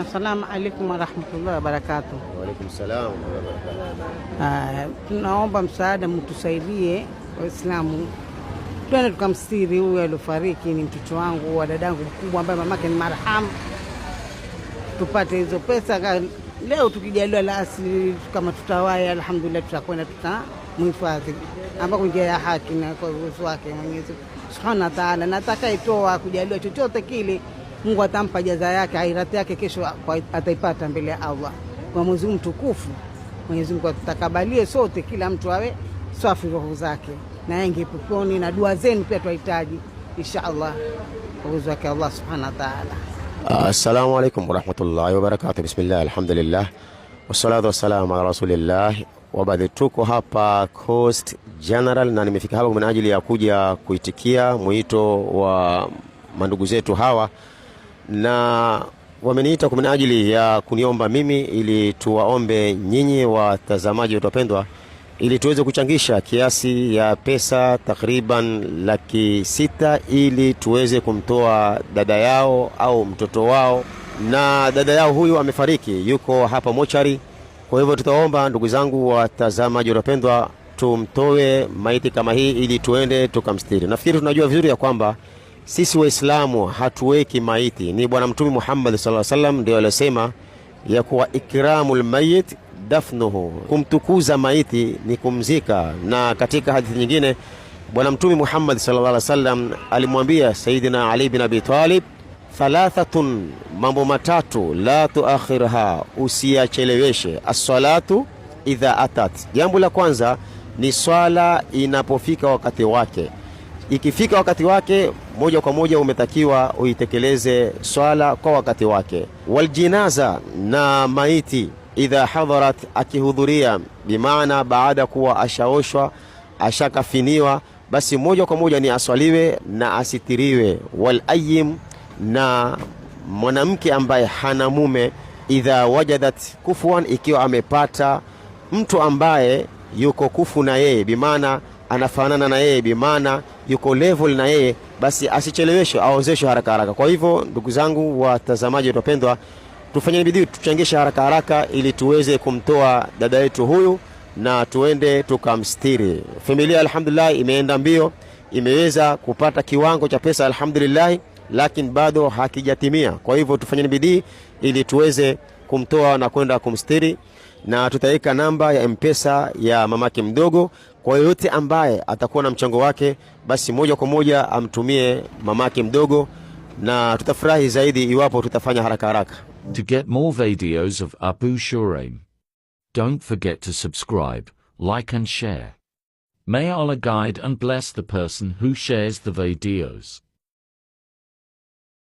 Assalamu alaikum warahmatullahi wabarakatuh. Wa alaikum salaam wabarakatuh. Ah, tunaomba msaada, mtusaidie Waislamu, twende tukamstiri huyu aliofariki. Ni mtoto wangu wa dadangu mkubwa ambaye mamake ni marhamu, tupate hizo pesa leo. Tukijaliwa la asili kama tutawaya, alhamdulillah, tutakwenda mhifadhi ambako njia ya haki na kwa uwezo wake Mwenyezi subhanahu wa taala, nataka itoa kujaliwa chochote kile Mungu atampa jaza yake, airati yake kesho ataipata mbele ya Allah kwa Mwenyezi Mungu mtukufu. Mwenyezi Mungu atakabalie sote, kila mtu awe safi roho zake na yenge peponi, na dua zenu pia twahitaji inshallah Allah kwa uwezo wake Allah subhanahu wa ta'ala. Assalamu alaykum wa rahmatullahi wa barakatuh. Bismillah, alhamdulillah wassalatu wassalamu ala rasulillah baadhi. Tuko hapa Coast General na nimefika hapa kwa ajili ya kuja kuitikia mwito wa mandugu zetu hawa na wameniita kwa minajili ya kuniomba mimi ili tuwaombe nyinyi watazamaji wetu wapendwa, ili tuweze kuchangisha kiasi ya pesa takriban laki sita ili tuweze kumtoa dada yao au mtoto wao, na dada yao huyu amefariki, yuko hapa mochari. Kwa hivyo tutaomba ndugu zangu watazamaji wetu wapendwa, tumtoe maiti kama hii ili tuende tukamstiri. Nafikiri tunajua vizuri ya kwamba sisi Waislamu hatuweki maiti. Ni Bwana Mtume Muhammad sallallahu alaihi wasallam ndio aliyosema ya kuwa ikramul mayit dafnuhu, kumtukuza maiti ni kumzika. Na katika hadithi nyingine Bwana Mtume Muhammad sallallahu alaihi wasallam alimwambia Sayyidina Ali bin Abi Talib, thalathatun, mambo matatu, la tuakhirha, usiyacheleweshe. As-salatu idha atat, jambo la kwanza ni swala inapofika wakati wake Ikifika wakati wake, moja kwa moja umetakiwa uitekeleze swala kwa wakati wake. Waljinaza, na maiti idha hadharat, akihudhuria, bimaana baada kuwa ashaoshwa ashakafiniwa, basi moja kwa moja ni aswaliwe na asitiriwe. Walayim, na mwanamke ambaye hana mume idha wajadat kufuan, ikiwa amepata mtu ambaye yuko kufu na yeye, bimaana anafanana na yeye, bi maana yuko level na yeye, basi asicheleweshwe, aozeshwe haraka haraka. Kwa hivyo ndugu zangu watazamaji wetu wapendwa, bidii, tuchangishe haraka haraka ili tuweze kumtoa dada yetu huyu na tuende tukamstiri. Familia alhamdulillah imeenda mbio, imeweza kupata kiwango cha pesa alhamdulillah, lakini bado hakijatimia. Kwa hivyo tufanye bidii ili tuweze kumtoa na kwenda kumstiri, na tutaweka namba ya Mpesa ya mamake mdogo kwa yoyote ambaye atakuwa na mchango wake, basi moja kwa moja amtumie mamake mdogo, na tutafurahi zaidi iwapo tutafanya haraka haraka. To get more videos of Abu Shuraim, don't forget to subscribe, like and share. May Allah guide and bless the person who shares the videos.